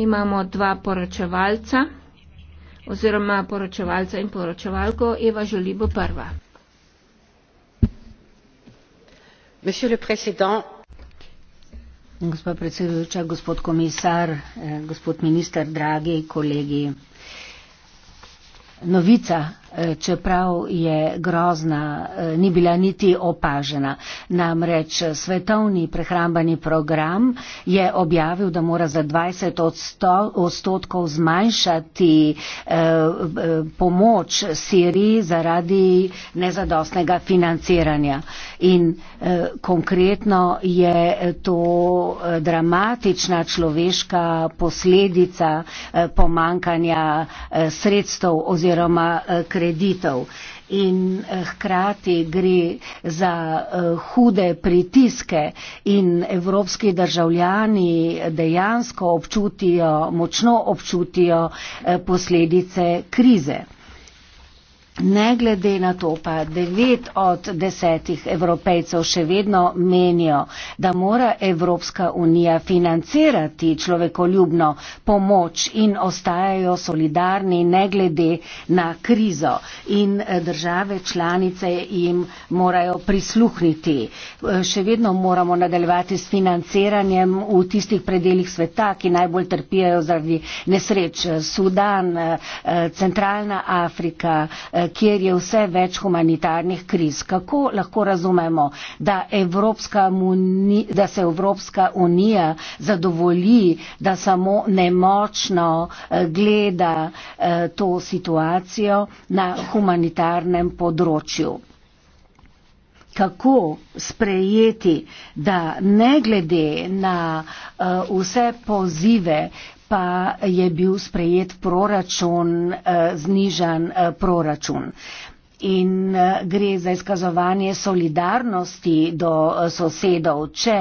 imamo dva poročevalca oziroma poročevalca in poročevalko. Eva Žoli bo prva. Gospod predsedujoča, gospod komisar, eh, gospod minister, dragi kolegi. Uh, novica, e, čeprav je grozna, e, ni bila niti opažena. Namreč e, svetovni prehrambani program je objavil, da mora za 20 odstotkov zmanjšati pomoč Siriji zaradi nezadostnega financiranja. In konkretno je to dramatična človeška posledica pomankanja sredstev oziroma oziroma eh, kreditov. In eh, hkrati gre za eh, hude pritiske in evropski državljani dejansko občutijo, močno občutijo posledice krize. Ne glede na to pa devet od desetih evropejcev še vedno menijo, da mora Evropska unija financirati človekoljubno pomoč in ostajajo solidarni ne glede na krizo in eh, države članice jim morajo prisluhniti. Eh, še vedno moramo nadaljevati s financiranjem v tistih predeljih sveta, ki najbolj trpijo zaradi nesreč. Sudan, eh, centralna Afrika, kjer je vse več humanitarnih kriz. Kako lahko razumemo, da, muni, da se Evropska unija zadovolji, da samo nemočno eh, gleda eh, to situacijo na humanitarnem področju? kako sprejeti, da ne glede na uh, vse pozive pa je bil sprejet proračun, eh, znižan eh, proračun in eh, gre za izkazovanje solidarnosti do eh, sosedov. Če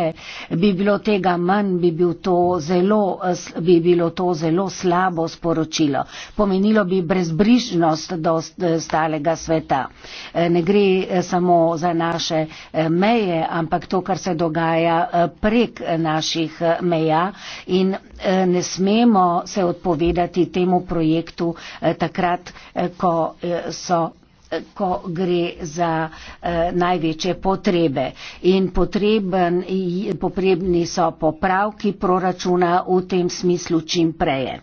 bi bilo tega manj, bi, bil to zelo, eh, bi bilo to zelo slabo sporočilo. Pomenilo bi brezbrižnost do stalega sveta. Ne gre samo za naše meje, ampak to, kar se dogaja prek naših meja in ne smemo se odpovedati temu projektu takrat, ko so ko gre za eh, največje potrebe. In potreben, potrebni so popravki proračuna v tem smislu čim preje. Eh,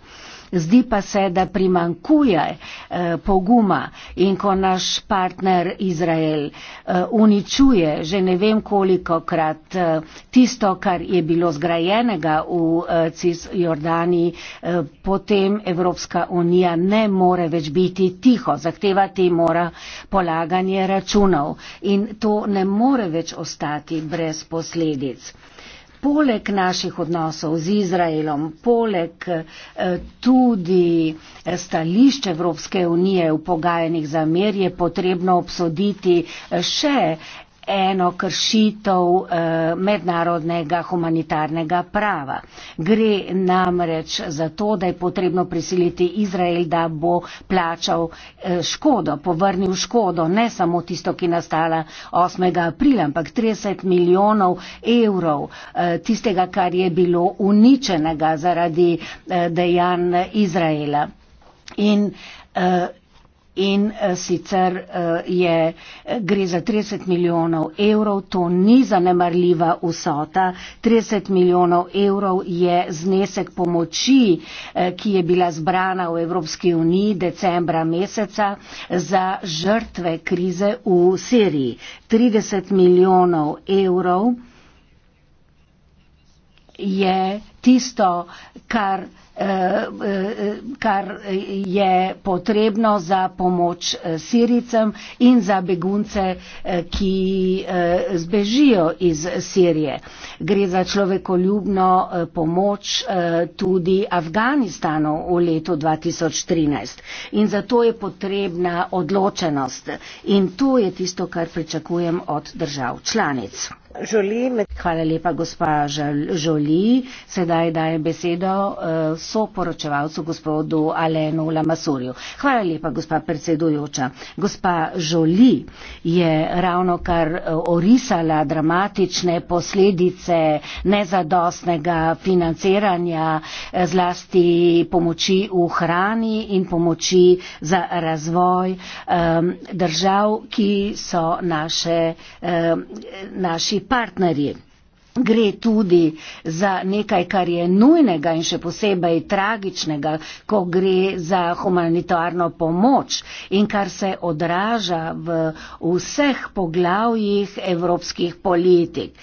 Zdi pa se, da primankuje eh, poguma in ko naš partner Izrael eh, uničuje že ne vem koliko krat eh, tisto, kar je bilo zgrajenega v eh, Cisjordaniji, eh, potem Evropska unija ne more več biti tiho. Zahtevati mora polaganje računov in to ne more več ostati brez posledic poleg naših odnosov z Izraelom, poleg eh, tudi eh, stališče Evropske unije v pogajanjih za mir, je potrebno obsoditi eh, še eno kršitev eh, mednarodnega humanitarnega prava. Gre namreč za to, da je potrebno prisiliti Izrael, da bo plačal eh, škodo, povrnil škodo, ne samo tisto, ki nastala 8. aprila, ampak 30 milijonov evrov eh, tistega, kar je bilo uničenega zaradi eh, dejanj Izraela. In eh, in eh, sicer eh, je, eh, gre za 30 milijonov evrov, to ni zanemarljiva vsota. 30 milijonov evrov je znesek pomoči, ki je bila zbrana v Evropski uniji decembra meseca za žrtve krize v Siriji. 30 milijonov evrov je tisto, kar Eh, eh, kar je potrebno za pomoč eh, Siricam in za begunce, ki zbežijo iz Sirije. Gre za človekoljubno pomoč tudi Afganistanu v letu 2013. In zato je potrebna odločenost. In to je tisto, kar pričakujem od držav članic. Hvala lepa, gospa Žoli. Sedaj dajem besedo eh, soporočevalcu gospodu Alenu Lamasurju. Hvala lepa, gospa predsedujoča. Gospa Žoli je ravno kar eh, orisala dramatične posledice nezadostnega financiranja eh, zlasti pomoči v hrani in pomoči za razvoj držav, ki so naše, naši partnerji. Gre tudi za nekaj, kar je nujnega in še posebej tragičnega, ko gre za humanitarno pomoč in kar se odraža v vseh poglavjih evropskih politik.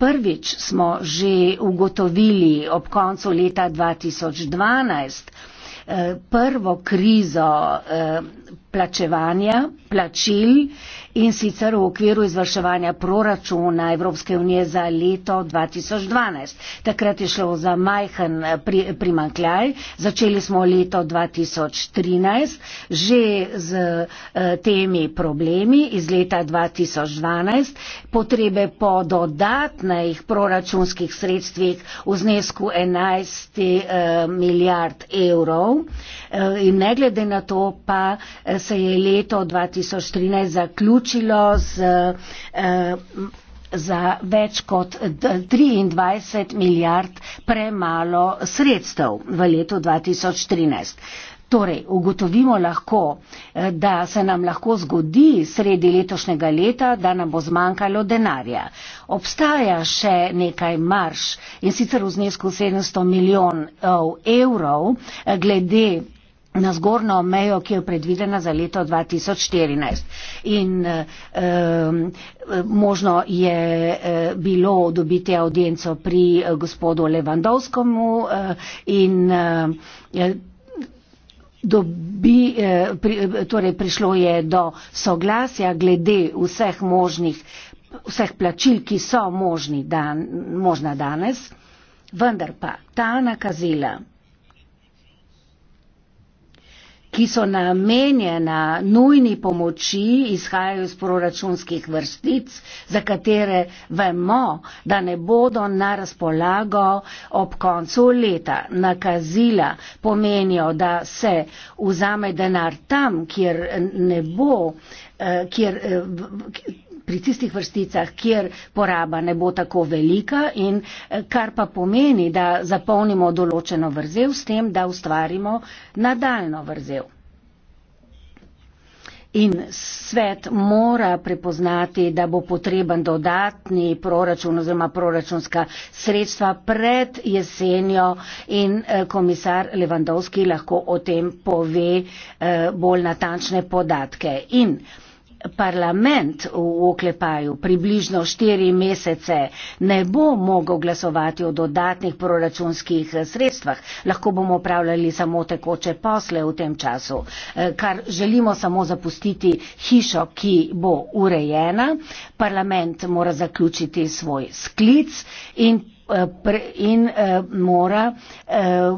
Prvič smo že ugotovili ob koncu leta 2012 eh, prvo krizo eh, plačevanja, plačil in sicer v okviru izvrševanja proračuna Evropske unije za leto 2012. Takrat je šlo za majhen pri, primankljaj. Začeli smo leto 2013 že z eh, temi problemi iz leta 2012. Potrebe po dodatnih proračunskih sredstvih v znesku 11 eh, milijard evrov. Eh, in ne glede na to pa eh, se je leto 2013 zaključilo vključilo z, eh, za več kot 23 milijard premalo sredstev v letu 2013. Torej, ugotovimo lahko, eh, da se nam lahko zgodi sredi letošnjega leta, da nam bo zmanjkalo denarja. Obstaja še nekaj marš in sicer v znesku 700 milijonov evrov eh, glede na zgornjo mejo, ki je predvidena za leto 2014. In, um, Možno je eh, bilo dobiti audienco pri eh, gospodu Levandovskomu eh, in dobi, torej prišlo je do soglasja glede vseh možnih, vseh plačil, ki so možni dan, možna danes, vendar pa ta nakazila ki so namenjena nujni pomoči, izhajajo iz proračunskih vrstic, za katere vemo, da ne bodo na razpolago ob koncu leta. Nakazila pomenijo, da se vzame denar tam, kjer ne bo, eh, kjer, eh, pri tistih vrsticah, kjer poraba ne bo tako velika in eh, kar pa pomeni, da zapolnimo določeno vrzel s tem, da ustvarimo nadaljno vrzel. In svet mora prepoznati, da bo potreben dodatni proračun oziroma proračunska sredstva pred jesenjo in eh, komisar Levandovski lahko o tem pove eh, bolj natančne podatke. In parlament v oklepaju približno štiri mesece ne bo mogel glasovati o dodatnih proračunskih sredstvah, lahko bomo upravljali samo tekoče posle v tem času, eh, kar želimo samo zapustiti hišo, ki bo urejena, parlament mora zaključiti svoj sklic in Eh, in eh, mora eh,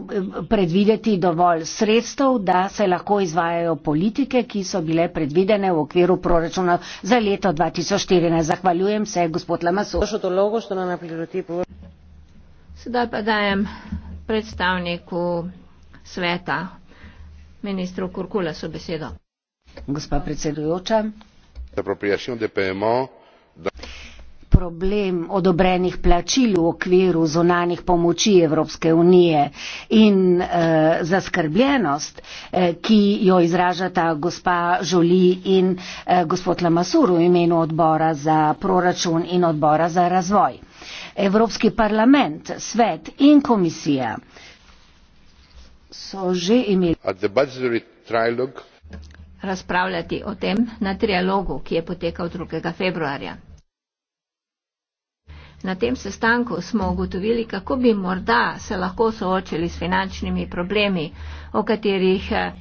predvideti dovolj sredstev, da se lahko izvajajo politike, ki so bile predvidene v okviru proračuna za leto 2014. Zahvaljujem se, gospod Lamasu. Sedaj pa dajem predstavniku sveta, ministru Kurkula, so besedo. Gospa predsedujoča. Da problem odobrenih plačil v okviru zonanih pomoči Evropske unije in e, zaskrbljenost, e, ki jo izražata gospa Žoli in e, gospod Lamasur v imenu odbora za proračun in odbora za razvoj. Evropski parlament, svet in komisija so že imeli razpravljati o tem na trialogu, ki je potekal 2. februarja. Na tem sestanku smo ugotovili, kako bi morda se lahko soočili s finančnimi problemi, o katerih eh,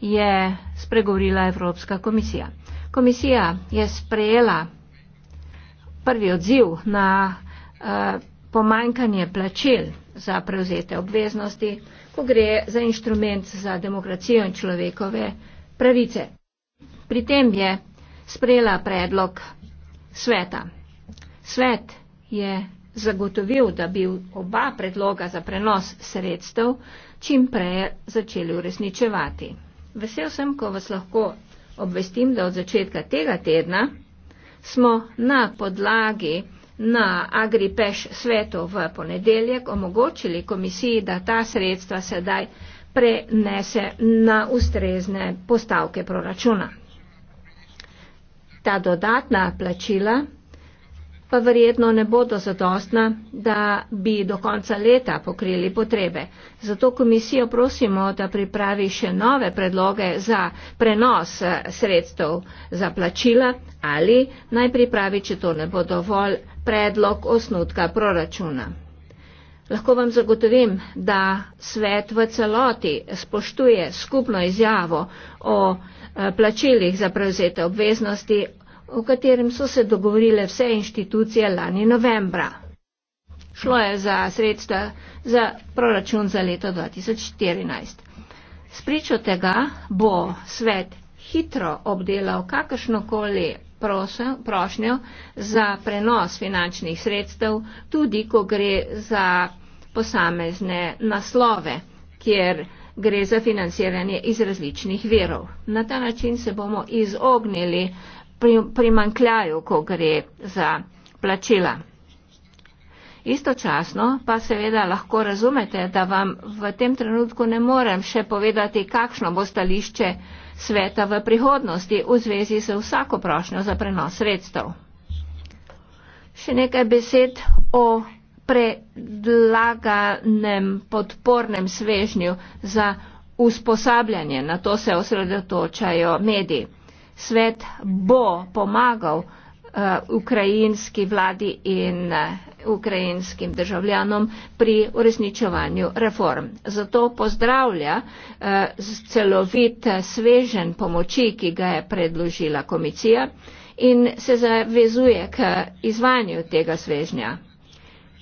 je spregovorila Evropska komisija. Komisija je sprejela prvi odziv na uh, eh, pomankanje plačil za prevzete obveznosti, ko gre za inštrument za demokracijo in človekove pravice. Pri tem je sprejela predlog sveta. Svet je zagotovil, da bi oba predloga za prenos sredstev čim preje začeli uresničevati. Vesel sem, ko vas lahko obvestim, da od začetka tega tedna smo na podlagi na AgriPeš svetu v ponedeljek omogočili komisiji, da ta sredstva sedaj prenese na ustrezne postavke proračuna. Ta dodatna plačila pa verjetno ne bodo zadostna, da bi do konca leta pokrili potrebe. Zato komisijo prosimo, da pripravi še nove predloge za prenos eh, sredstev za plačila ali naj pripravi, če to ne bo dovolj, predlog osnutka proračuna. Lahko vam zagotovim, da svet v celoti spoštuje skupno izjavo o eh, plačilih za prevzete obveznosti o katerem so se dogovorile vse inštitucije lani novembra. Šlo je za sredstva za proračun za leto 2014. Spričo tega bo svet hitro obdelal kakršnokoli prošnjo za prenos finančnih sredstev, tudi ko gre za posamezne naslove, kjer gre za financiranje iz različnih verov. Na ta način se bomo izognili primankljaju, ko gre za plačila. Istočasno pa seveda lahko razumete, da vam v tem trenutku ne morem še povedati, kakšno bo stališče sveta v prihodnosti v zvezi z vsako prošnjo za prenos sredstev. Še nekaj besed o predlaganem podpornem svežnju za usposabljanje. Na to se osredotočajo mediji svet bo pomagal uh, ukrajinski vladi in uh, ukrajinskim državljanom pri uresničevanju reform. Zato pozdravlja uh, celovit svežen pomoči, ki ga je predložila komisija in se zavezuje k izvanju tega svežnja.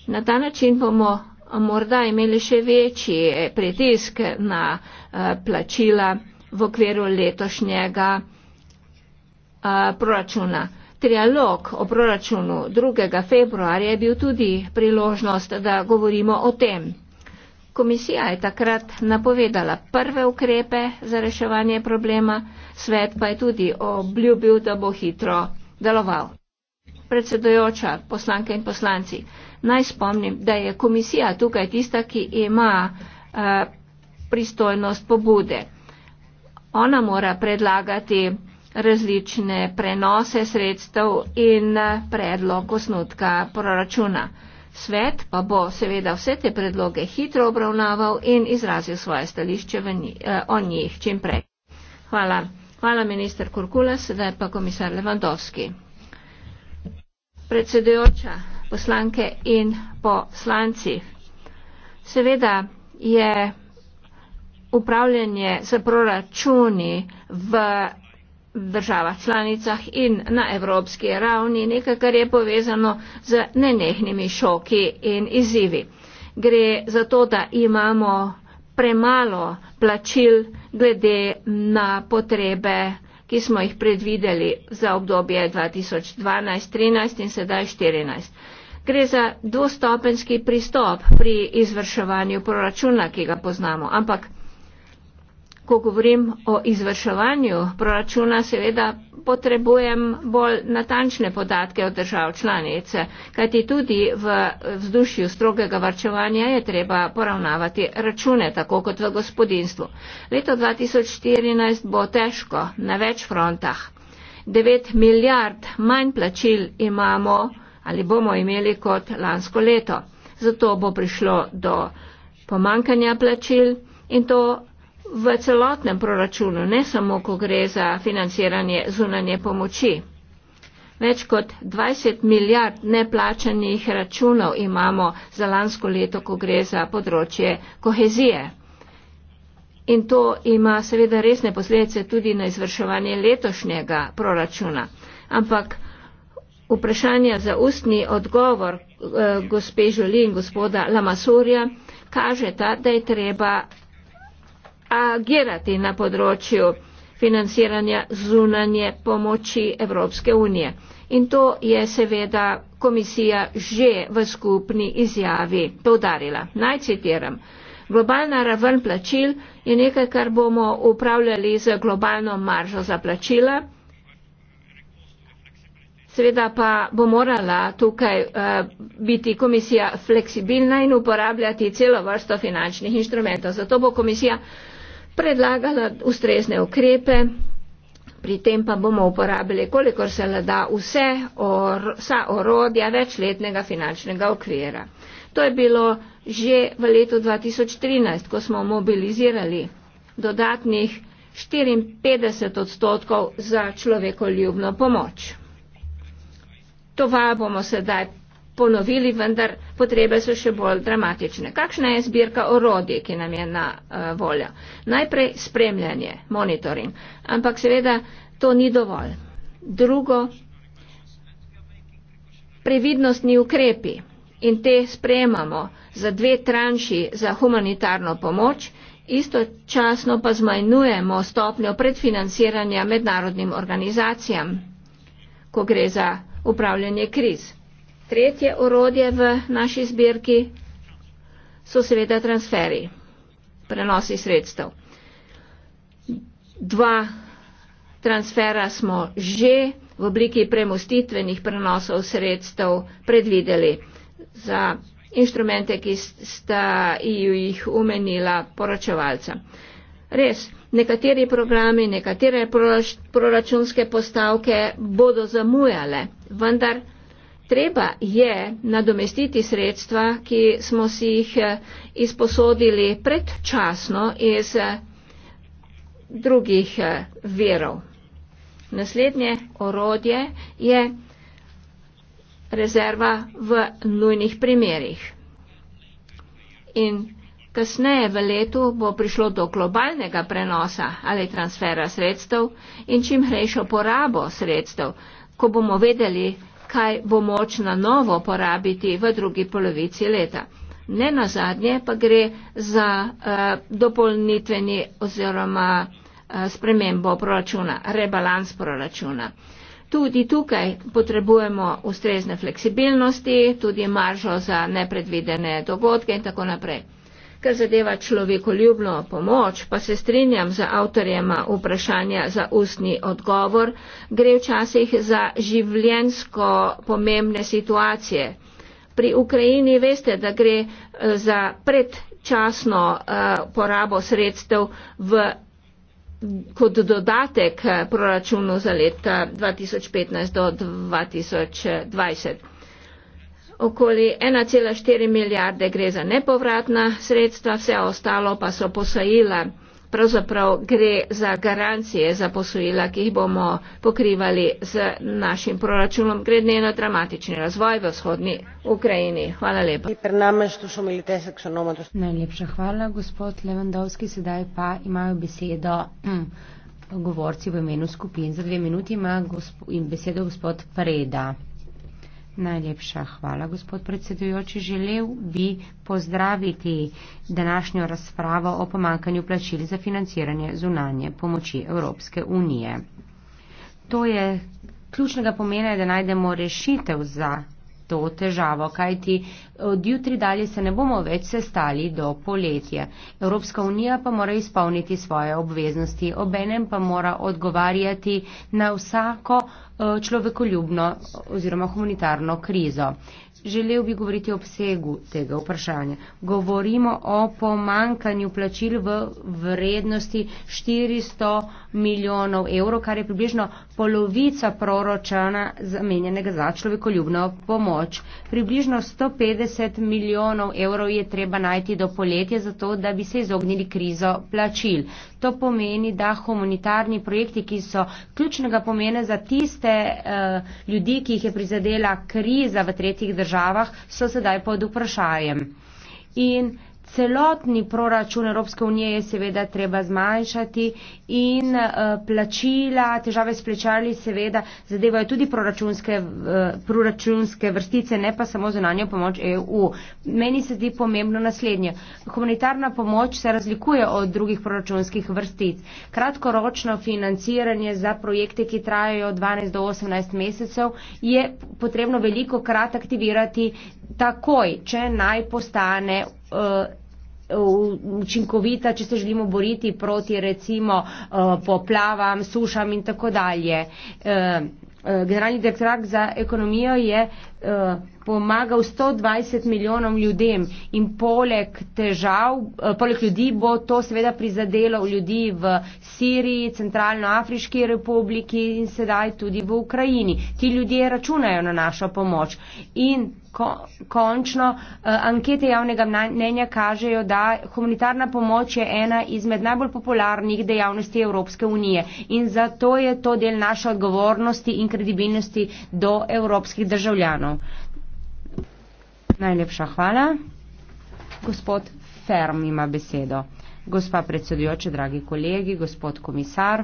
Na ta način bomo morda imeli še večji pritisk na uh, plačila v okviru letošnjega uh, proračuna. Trialog o proračunu 2. februarja je bil tudi priložnost, da govorimo o tem. Komisija je takrat napovedala prve ukrepe za reševanje problema, svet pa je tudi obljubil, da bo hitro deloval. Predsedojoča, poslanke in poslanci, naj spomnim, da je komisija tukaj tista, ki ima uh, pristojnost pobude. Ona mora predlagati različne prenose sredstev in predlog osnutka proračuna. Svet pa bo seveda vse te predloge hitro obravnaval in izrazil svoje stališče ni, eh, o njih čim prej. Hvala. Hvala, minister Kurkula, sedaj pa komisar Levandovski. Predsedujoča, poslanke in poslanci. Seveda je upravljanje s proračuni v državah članicah in na evropski ravni nekaj, kar je povezano z nenehnimi šoki in izzivi. Gre za to, da imamo premalo plačil glede na potrebe, ki smo jih predvideli za obdobje 2012, 2013 in sedaj 2014. Gre za dvostopenski pristop pri izvrševanju proračuna, ki ga poznamo, ampak ko govorim o izvrševanju proračuna, seveda potrebujem bolj natančne podatke od držav članice, kajti tudi v vzdušju strogega varčevanja je treba poravnavati račune, tako kot v gospodinstvu. Leto 2014 bo težko na več frontah. 9 milijard manj plačil imamo ali bomo imeli kot lansko leto. Zato bo prišlo do pomankanja plačil in to v celotnem proračunu, ne samo, ko gre za financiranje zunanje pomoči. Več kot 20 milijard neplačanih računov imamo za lansko leto, ko gre za področje kohezije. In to ima seveda resne posledice tudi na izvrševanje letošnjega proračuna. Ampak vprašanja za ustni odgovor eh, gospe Žoli in gospoda Lamasurja kažeta, da je treba agirati na področju financiranja zunanje pomoči Evropske unije. In to je seveda komisija že v skupni izjavi povdarila. Naj citiram. Globalna raven plačil je nekaj, kar bomo upravljali z globalno maržo za plačila. Seveda pa bo morala tukaj uh, biti komisija fleksibilna in uporabljati celo vrsto finančnih inštrumentov. Zato bo komisija predlagala ustrezne ukrepe, pri tem pa bomo uporabili, kolikor se le da, vse or, vsa orodja večletnega finančnega okvira. To je bilo že v letu 2013, ko smo mobilizirali dodatnih 54 odstotkov za človekoljubno pomoč. To vaja bomo sedaj ponovili, vendar potrebe so še bolj dramatične. Kakšna je zbirka orodij, ki nam je na uh, voljo? Najprej spremljanje, monitoring, ampak seveda to ni dovolj. Drugo, previdnostni ukrepi in te sprejemamo za dve tranši za humanitarno pomoč, istočasno pa zmanjujemo stopnjo predfinanciranja mednarodnim organizacijam, ko gre za upravljanje kriz. Tretje orodje v naši zbirki so seveda transferi, prenosi sredstev. Dva transfera smo že v obliki premustitvenih prenosov sredstev predvideli za inštrumente, ki sta jih umenila poročevalca. Res, nekateri programi, nekatere proračunske postavke bodo zamujale, vendar. Treba je nadomestiti sredstva, ki smo si jih eh, izposodili predčasno iz eh, drugih eh, verov. Naslednje orodje je rezerva v nujnih primerih. In kasneje v letu bo prišlo do globalnega prenosa ali transfera sredstev in čim hrejšo porabo sredstev, ko bomo vedeli, kaj bo moč na novo porabiti v drugi polovici leta. Ne na zadnje pa gre za uh, dopolnitveni oziroma uh, spremembo proračuna, rebalans proračuna. Tudi tukaj potrebujemo ustrezne fleksibilnosti, tudi maržo za nepredvidene dogodke in tako naprej. Kar zadeva človekoljubno pomoč, pa se strinjam z avtorjema vprašanja za ustni odgovor, gre včasih za življensko pomembne situacije. Pri Ukrajini veste, da gre eh, za predčasno eh, porabo sredstev v, kot dodatek eh, proračunu za leta 2015 do 2020 okoli 1,4 milijarde gre za nepovratna sredstva, vse ostalo pa so posojila. Pravzaprav gre za garancije za posojila, ki jih bomo pokrivali z našim proračunom. Gre ne na dramatični razvoj v vzhodni Ukrajini. Hvala lepa. Najlepša hvala, gospod Levandovski. Sedaj pa imajo besedo hm, govorci v imenu skupin. Za dve minuti ima gospo, besedo gospod Preda. Najlepša hvala, gospod predsedujoči. Želel bi pozdraviti današnjo razpravo o pomankanju plačil za financiranje zunanje pomoči Evropske unije. To je ključnega pomena, da najdemo rešitev za to težavo, kajti od jutri dalje se ne bomo več sestali do poletja. Evropska unija pa mora izpolniti svoje obveznosti, obenem pa mora odgovarjati na vsako eh, človekoljubno oziroma humanitarno krizo. Želel bi govoriti o obsegu tega vprašanja. Govorimo o pomankanju plačil v vrednosti 400 milijonov evrov, kar je približno polovica proročana zamenjenega za človekoljubno pomoč. Približno 150 milijonov evrov je treba najti do poletja, zato da bi se izognili krizo plačil. To pomeni, da humanitarni projekti, ki so ključnega pomena za tiste uh, ljudi, ki jih je prizadela kriza v tretjih državah, državah so sedaj pod vprašanjem. In celotni proračun Evropske unije je seveda treba zmanjšati in eh, plačila, težave s plačali seveda zadevajo tudi proračunske, eh, proračunske vrstice, ne pa samo zunanjo pomoč EU. Meni se zdi pomembno naslednje. Humanitarna pomoč se razlikuje od drugih proračunskih vrstic. Kratkoročno financiranje za projekte, ki trajajo 12 do 18 mesecev, je potrebno veliko krat aktivirati takoj, če naj postane eh, učinkovita, če se želimo boriti proti recimo eh, poplavam, sušam in tako dalje. Eh, eh, generalni direktorat za ekonomijo je pomagal 120 milijonom ljudem in poleg težav, eh, poleg ljudi bo to seveda prizadelo ljudi v Siriji, Centralnoafriški republiki in sedaj tudi v Ukrajini. Ti ljudje računajo na našo pomoč. In Končno, eh, ankete javnega mnenja kažejo, da humanitarna pomoč je ena izmed najbolj popularnih dejavnosti Evropske unije in zato je to del naše odgovornosti in kredibilnosti do evropskih državljanov. Najlepša hvala. Gospod Ferm ima besedo. Gospa predsedujoča, dragi kolegi, gospod komisar.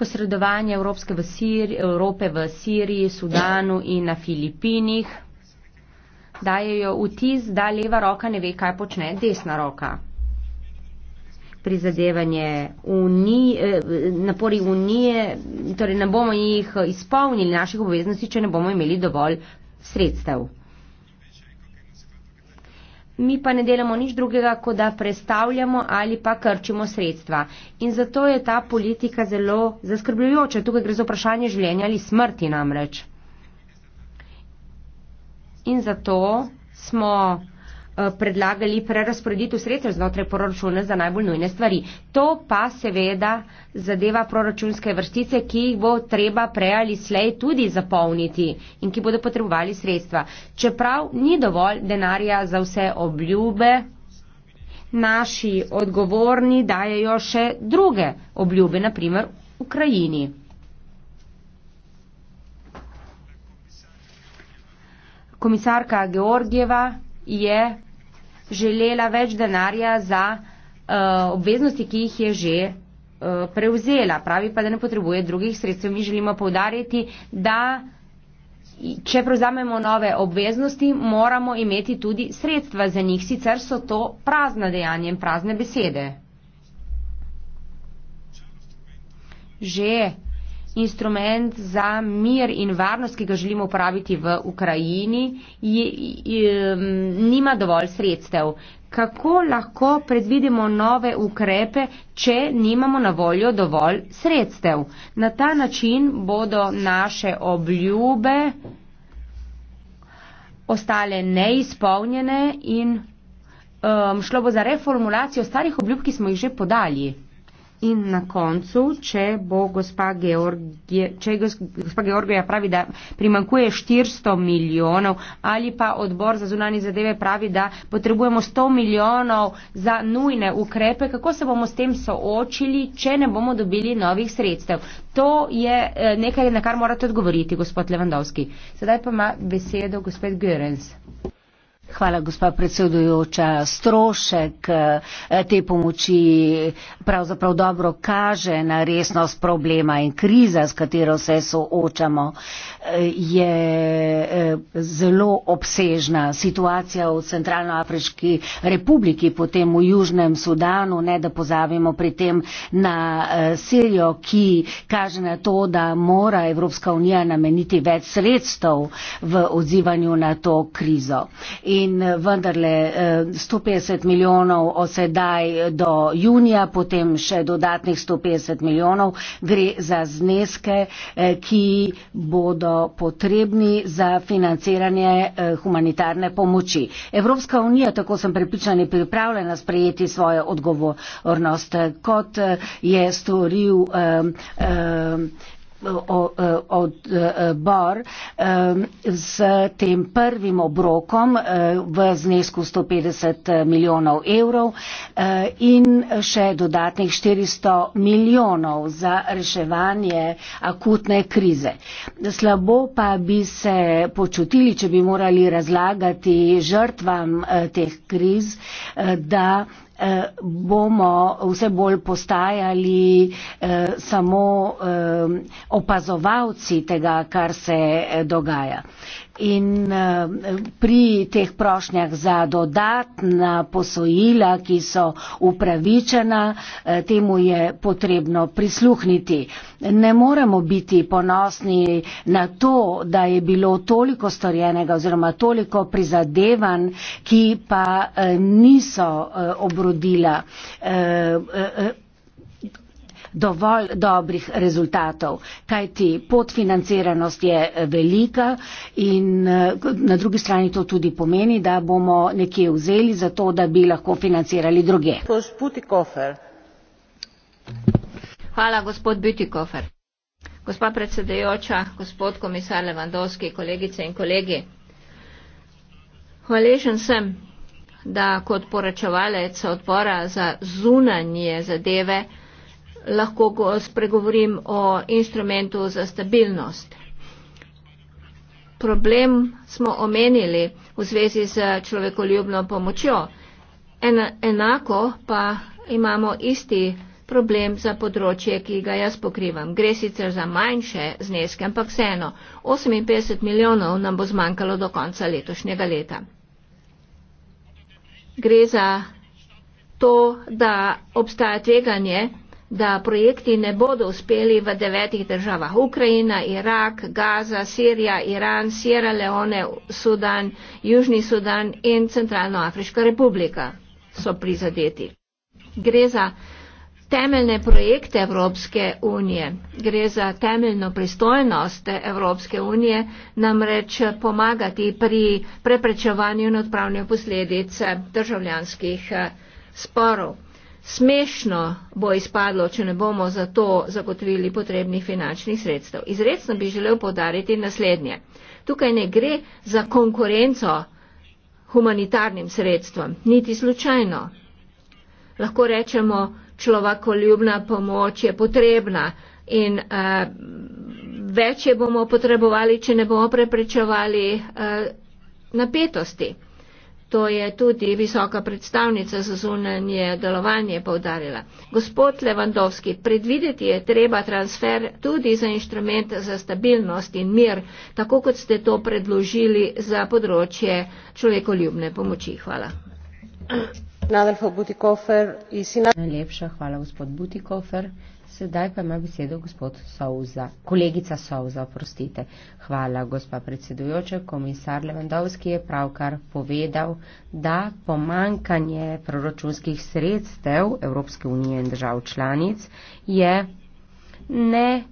Posredovanje Evropske v Siri, Evrope v Siriji, Sudanu in na Filipinih dajejo vtis, da leva roka ne ve, kaj počne desna roka prizadevanje uniji, eh, napori unije, torej ne bomo jih izpolnili naših obveznosti, če ne bomo imeli dovolj sredstev. Mi pa ne delamo nič drugega, kot da predstavljamo ali pa krčimo sredstva. In zato je ta politika zelo zaskrbljujoča. Tukaj gre za vprašanje življenja ali smrti namreč. In zato smo Eh, predlagali prerasporeditev sredstev znotraj proračuna za najbolj nujne stvari. To pa seveda zadeva proračunske vrstice, ki jih bo treba prej ali slej tudi zapolniti in ki bodo potrebovali sredstva. Čeprav ni dovolj denarja za vse obljube, naši odgovorni dajejo še druge obljube, naprimer Ukrajini. Komisarka Georgieva je želela več denarja za uh, obveznosti, ki jih je že uh, prevzela. Pravi pa, da ne potrebuje drugih sredstev. Mi želimo povdariti, da če prevzamemo nove obveznosti, moramo imeti tudi sredstva za njih, sicer so to prazna dejanja in prazne besede. Že instrument za mir in varnost, ki ga želimo uporabiti v Ukrajini, je, je, nima dovolj sredstev. Kako lahko predvidimo nove ukrepe, če nimamo na voljo dovolj sredstev? Na ta način bodo naše obljube ostale neizpolnjene in um, šlo bo za reformulacijo starih obljub, ki smo jih že podali. In na koncu, če bo gospa Georgija, če gospa Georgija pravi, da primankuje 400 milijonov ali pa odbor za zunanje zadeve pravi, da potrebujemo 100 milijonov za nujne ukrepe, kako se bomo s tem soočili, če ne bomo dobili novih sredstev? To je eh, nekaj, na kar morate odgovoriti, gospod Levandovski. Sedaj pa ima besedo gospod Görens. Hvala, gospa predsedujoča. Strošek eh, te pomoči pravzaprav dobro kaže na resnost problema in kriza, s katero se soočamo, eh, je eh, zelo obsežna. Situacija v Centralnoafriški republiki, potem v Južnem Sudanu, ne da pozavimo pri tem na Sirijo, ki kaže na to, da mora Evropska unija nameniti več sredstev v odzivanju na to krizo. In in vendarle 150 eh, milijonov osedaj do junija, potem še dodatnih 150 milijonov gre za zneske, eh, ki bodo potrebni za financiranje eh, humanitarne pomoči. Evropska unija, tako sem pripričan, je pripravljena sprejeti svojo odgovornost, kot je storil um, um, E, odbor e, z e, tem prvim obrokom v znesku 150 milijonov evrov in še dodatnih 400 milijonov za reševanje akutne krize. Slabo pa bi se počutili, če bi morali razlagati žrtvam teh kriz, da bomo vse bolj postajali eh, samo eh, opazovalci tega, kar se eh, dogaja. In eh, pri teh prošnjah za dodatna posojila, ki so upravičena, eh, temu je potrebno prisluhniti. Ne moremo biti ponosni na to, da je bilo toliko storjenega oziroma toliko prizadevan, ki pa eh, niso obrodila dovolj dobrih rezultatov, kajti podfinanciranost je eh, velika in eh, na drugi strani to tudi pomeni, da bomo nekje vzeli za to, da bi lahko financirali druge. Hvala, gospod Bütikofer. Gospa predsedujoča, gospod komisar Levandovski, kolegice in kolegi. Hvaležen sem, da kot poročevalec odbora za zunanje zadeve lahko spregovorim o instrumentu za stabilnost. Problem smo omenili v zvezi z človekoljubno pomočjo. En, enako pa imamo isti problem za področje, ki ga jaz pokrivam. Gre sicer za manjše zneske, ampak vseeno 58 milijonov nam bo zmanjkalo do konca letošnjega leta. Gre za to, da obstaja tveganje, da projekti ne bodo uspeli v devetih državah. Ukrajina, Irak, Gaza, Sirija, Iran, Sierra Leone, Sudan, Južni Sudan in Centralnoafriška republika so prizadeti. Gre za temeljne projekte Evropske unije, gre za temeljno pristojnost Evropske unije namreč pomagati pri preprečevanju in odpravljanju posledic državljanskih eh, sporov. Smešno bo izpadlo, če ne bomo za to zagotovili potrebnih finančnih sredstev. Izredno bi želel povdariti naslednje. Tukaj ne gre za konkurenco humanitarnim sredstvom, niti slučajno. Lahko rečemo, človakoljubna pomoč je potrebna in uh, več je bomo potrebovali, če ne bomo preprečevali uh, napetosti. To je tudi visoka predstavnica za zunanje delovanje povdarila. Gospod Levandovski, predvideti je treba transfer tudi za inštrument za stabilnost in mir, tako kot ste to predložili za področje človekoljubne pomoči. Hvala. Najlepša hvala, gospod Butikofer. Sedaj pa ima besedo gospod Souza. Kolegica Souza, oprostite. Hvala, gospa predsedujoča. Komisar Levandovski je pravkar povedal, da pomankanje proračunskih sredstev Evropske unije in držav članic je ne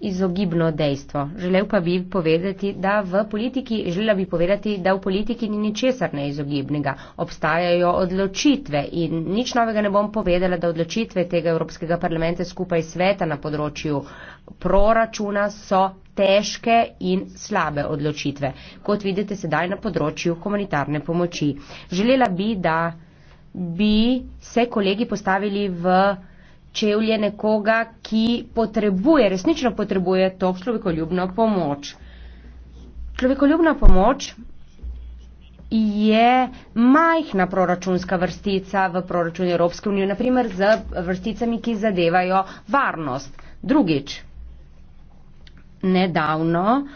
izogibno dejstvo. Želel pa bi povedati, da v politiki, želela bi povedati, da v politiki ni ničesar neizogibnega. Obstajajo odločitve in nič novega ne bom povedala, da odločitve tega Evropskega parlamenta skupaj sveta na področju proračuna so težke in slabe odločitve, kot vidite sedaj na področju komunitarne pomoči. Želela bi, da bi se kolegi postavili v čevlje nekoga, ki potrebuje, resnično potrebuje to človekoljubno pomoč. Človekoljubna pomoč je majhna proračunska vrstica v proračunu Evropske unije, naprimer z vrsticami, ki zadevajo varnost. Drugič, nedavno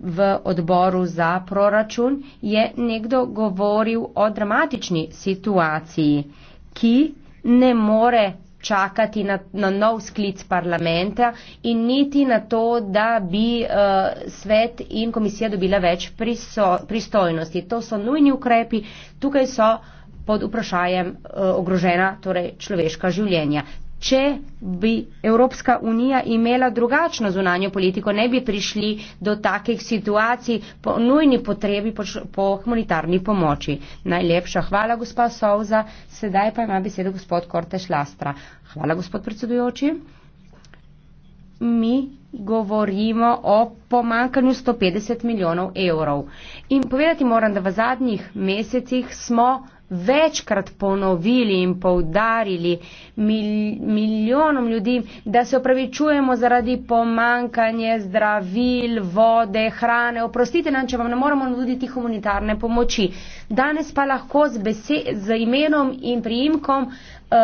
v odboru za proračun je nekdo govoril o dramatični situaciji, ki ne more čakati na, na nov sklic parlamenta in niti na to, da bi uh, svet in komisija dobila več priso, pristojnosti. To so nujni ukrepi, tukaj so pod vprašanjem uh, ogrožena torej, človeška življenja če bi Evropska unija imela drugačno zunanjo politiko, ne bi prišli do takih situacij po nujni potrebi po, po humanitarni pomoči. Najlepša hvala, gospa Sovza. Sedaj pa ima besedo gospod Korteš Lastra. Hvala, gospod predsedujoči. Mi govorimo o pomankanju 150 milijonov evrov. In povedati moram, da v zadnjih mesecih smo večkrat ponovili in povdarili mil, milijonom ljudi, da se opravičujemo zaradi pomankanja zdravil, vode, hrane. Oprostite nam, če vam ne moremo nuditi humanitarne pomoči. Danes pa lahko z, besed, z imenom in priimkom uh,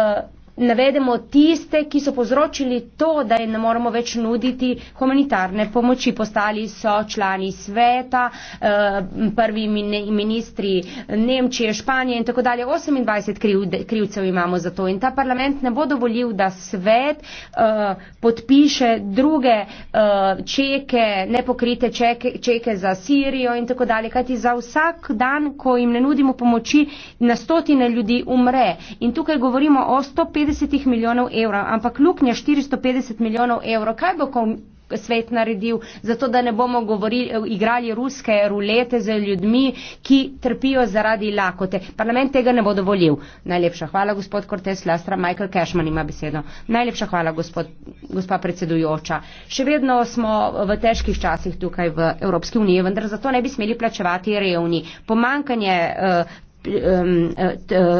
navedemo tiste, ki so povzročili to, da jim ne moremo več nuditi humanitarne pomoči. Postali so člani sveta, eh, prvi ministri Nemčije, Španije in tako dalje. 28 krivcev imamo za to in ta parlament ne bo dovolil, da svet eh, podpiše druge eh, čeke, nepokrite čeke, čeke za Sirijo in tako dalje, kajti za vsak dan, ko jim ne nudimo pomoči, na stotine ljudi umre. In tukaj govorimo o 150 50 milijonov evrov, ampak luknja 450 milijonov evrov, kaj bo kom svet naredil, zato da ne bomo govorili, igrali ruske rulete za ljudmi, ki trpijo zaradi lakote. Parlament tega ne bo dovolil. Najlepša hvala, gospod Cortez Lastra. Michael Cashman ima besedo. Najlepša hvala, gospod, gospa predsedujoča. Še vedno smo v težkih časih tukaj v Evropski uniji, vendar zato ne bi smeli plačevati revni. Pomankanje uh, Um,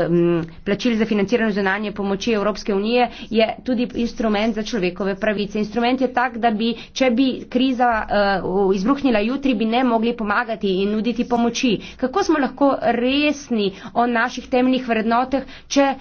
um, plačil za financiranje zunanje pomoči Evropske unije je tudi instrument za človekove pravice. Instrument je tak, da bi, če bi kriza uh, izbruhnila jutri, bi ne mogli pomagati in nuditi pomoči. Kako smo lahko resni o naših temeljnih vrednotah, če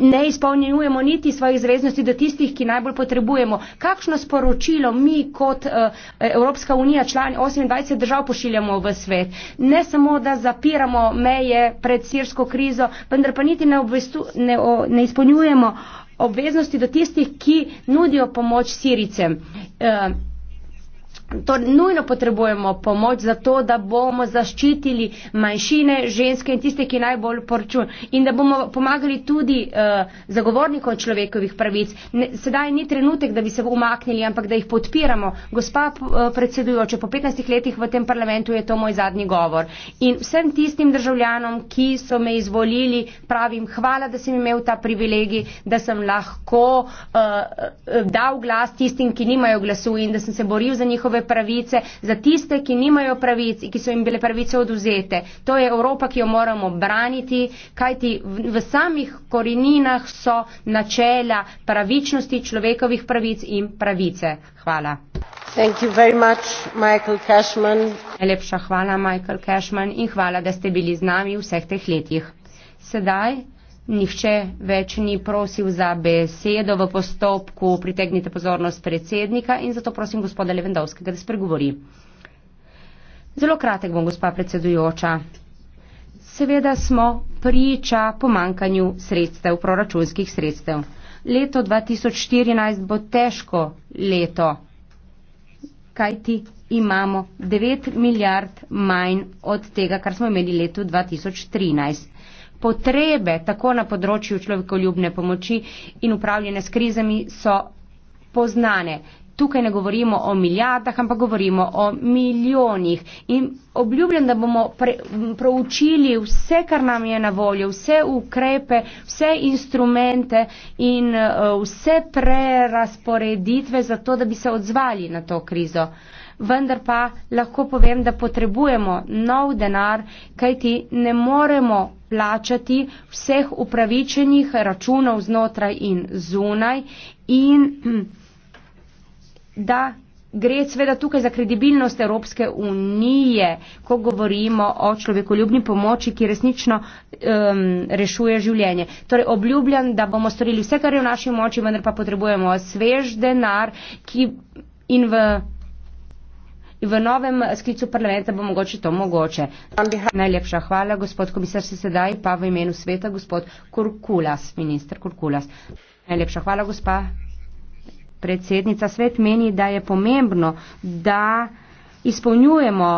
ne izpolnjujemo niti svojih zveznosti do tistih, ki najbolj potrebujemo. Kakšno sporočilo mi kot eh, Evropska unija, člani 28 držav, pošiljamo v svet? Ne samo, da zapiramo meje pred sirsko krizo, vendar pa niti ne, obvestu, ne, ne izpolnjujemo obveznosti do tistih, ki nudijo pomoč Siricem. Uh, to nujno potrebujemo pomoč za to, da bomo zaščitili manjšine, ženske in tiste, ki najbolj poročujo. In da bomo pomagali tudi uh, zagovornikom človekovih pravic. Ne, sedaj ni trenutek, da bi se umaknili, ampak da jih podpiramo. Gospa uh, predsedujoča, po 15 letih v tem parlamentu je to moj zadnji govor. In vsem tistim državljanom, ki so me izvolili, pravim hvala, da sem imel ta privilegij, da sem lahko uh, dal glas tistim, ki nimajo glasu in da sem se boril za njihove svoje pravice, za tiste, ki nimajo pravic in ki so jim bile pravice oduzete. To je Evropa, ki jo moramo braniti, kajti v, v samih koreninah so načela pravičnosti človekovih pravic in pravice. Hvala. Najlepša hvala, Michael Cashman, in hvala, da ste bili z nami v vseh teh letih. Sedaj Nihče več ni prosil za besedo v postopku. Pritegnite pozornost predsednika in zato prosim gospoda Levendovskega, da spregovori. Zelo kratek bom, gospa predsedujoča. Seveda smo priča pomankanju sredstev, proračunskih sredstev. Leto 2014 bo težko leto, kajti imamo 9 milijard manj od tega, kar smo imeli leto 2013 potrebe tako na področju človekoljubne pomoči in upravljanja s krizami so poznane. Tukaj ne govorimo o milijardah, ampak govorimo o milijonih. In obljubljam, da bomo pre, proučili vse, kar nam je na voljo, vse ukrepe, vse instrumente in uh, vse prerasporeditve za to, da bi se odzvali na to krizo. Uh, vendar pa lahko povem, da potrebujemo nov denar, kajti ne moremo plačati vseh upravičenih računov znotraj in zunaj in da gre sveda tukaj za kredibilnost Evropske unije, ko govorimo o človekoljubni pomoči, ki resnično um, rešuje življenje. Torej obljubljam, da bomo storili vse, kar je v naši moči, vendar pa potrebujemo svež denar, ki in v v novem sklicu parlamenta bo mogoče to mogoče. Najlepša hvala, gospod komisar, se sedaj pa v imenu sveta, gospod Kurkulas, minister Kurkulas. Najlepša hvala, gospa predsednica. Svet meni, da je pomembno, da izpolnjujemo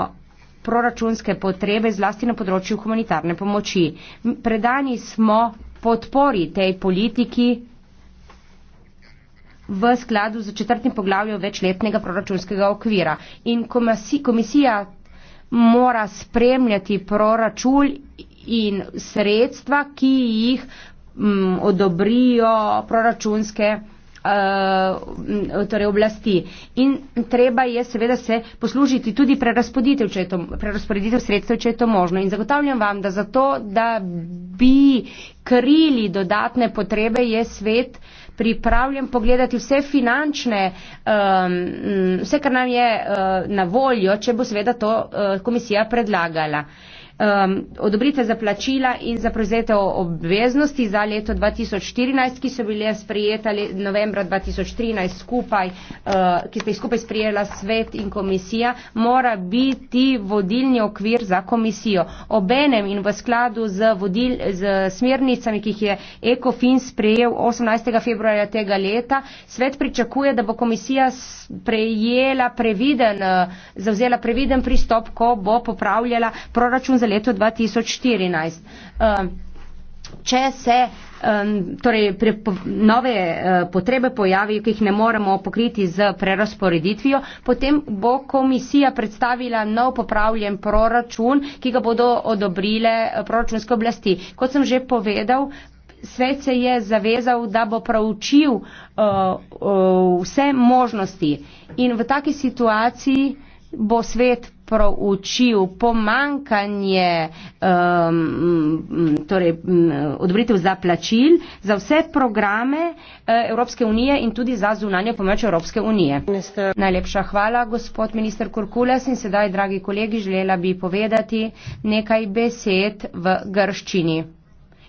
proračunske potrebe zlasti na področju humanitarne pomoči. Predani smo podpori tej politiki v skladu z četrtim poglavljem večletnega proračunskega okvira. In komisija mora spremljati proračun in sredstva, ki jih mm, odobrijo proračunske okvire uh, torej oblasti. In treba je seveda se poslužiti tudi prerasporeditev, če je to, prerasporeditev sredstev, če je to možno. In zagotavljam vam, da zato, da bi krili dodatne potrebe, je svet pripravljen pogledati vse finančne, um, vse, kar nam je uh, na voljo, če bo seveda to uh, komisija predlagala. Uh, um, odobrite za plačila in za prevzete obveznosti za leto 2014, ki so bile sprijeta le, novembra 2013 skupaj, uh, ki ste jih skupaj sprijela svet in komisija, mora biti vodilni okvir za komisijo. Obenem in v skladu z, vodil, z smernicami, ki jih je ECOFIN sprejel 18. februarja tega leta, svet pričakuje, da bo komisija sprejela previden, uh, zavzela previden pristop, ko bo popravljala proračun za za leto 2014. Če se ehm, torej, nove eh, potrebe pojavijo, ki jih ne moremo pokriti z prerasporeditvijo, potem bo komisija predstavila nov popravljen proračun, ki ga bodo odobrile eh, proračunske oblasti. Kot sem že povedal, Svet se je zavezal, da bo pravčil uh, eh, uh, vse možnosti in v taki situaciji uh, bo svet proučil pomankanje um, torej, um, odobritev za plačil za vse programe eh, Evropske unije in tudi za zunanjo pomoč Evropske unije. Minister. Najlepša hvala, gospod minister Kurkulas. In sedaj, dragi kolegi, želela bi povedati nekaj besed v grščini.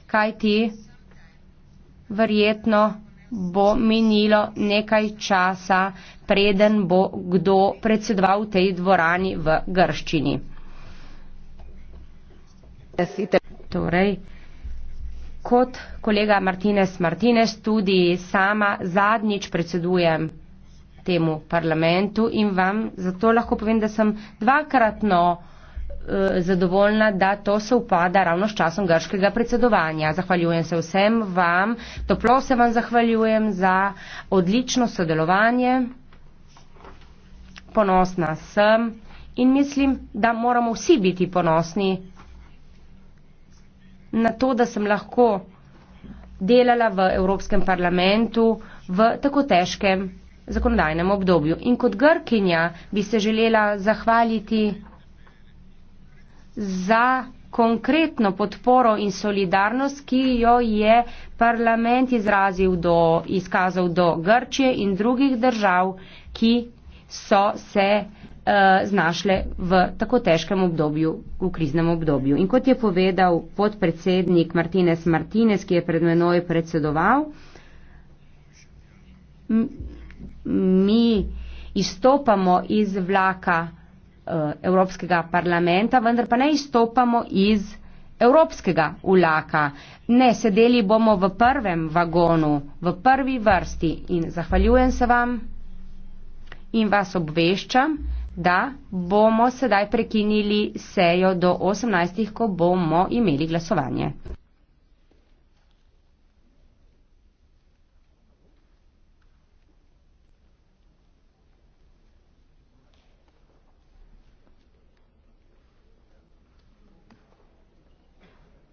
Kaj ti? Verjetno bo minilo nekaj časa, preden bo kdo predsedoval v tej dvorani v Grščini. Torej, kot kolega Martinez Martinez tudi sama zadnjič predsedujem temu parlamentu in vam zato lahko povem, da sem dvakratno Eh, zadovoljna, da to se upada ravno s časom grškega predsedovanja. Zahvaljujem se vsem vam, toplo se vam zahvaljujem za odlično sodelovanje. Ponosna sem in mislim, da moramo vsi biti ponosni na to, da sem lahko delala v Evropskem parlamentu v tako težkem zakonodajnem obdobju. In kot Grkinja bi se želela zahvaliti za konkretno podporo in solidarnost, ki jo je parlament izrazil do, izkazal do Grčije in drugih držav, ki so se uh, znašle v tako težkem obdobju, v kriznem obdobju. In kot je povedal podpredsednik Martinez Martinez, ki je pred menoj predsedoval, mi izstopamo iz vlaka Eh, evropskega parlamenta, vendar pa ne izstopamo iz Evropskega vlaka. Ne, sedeli bomo v prvem vagonu, v prvi vrsti in zahvaljujem se vam in vas obveščam, da bomo sedaj prekinili sejo do 18, ko bomo imeli glasovanje.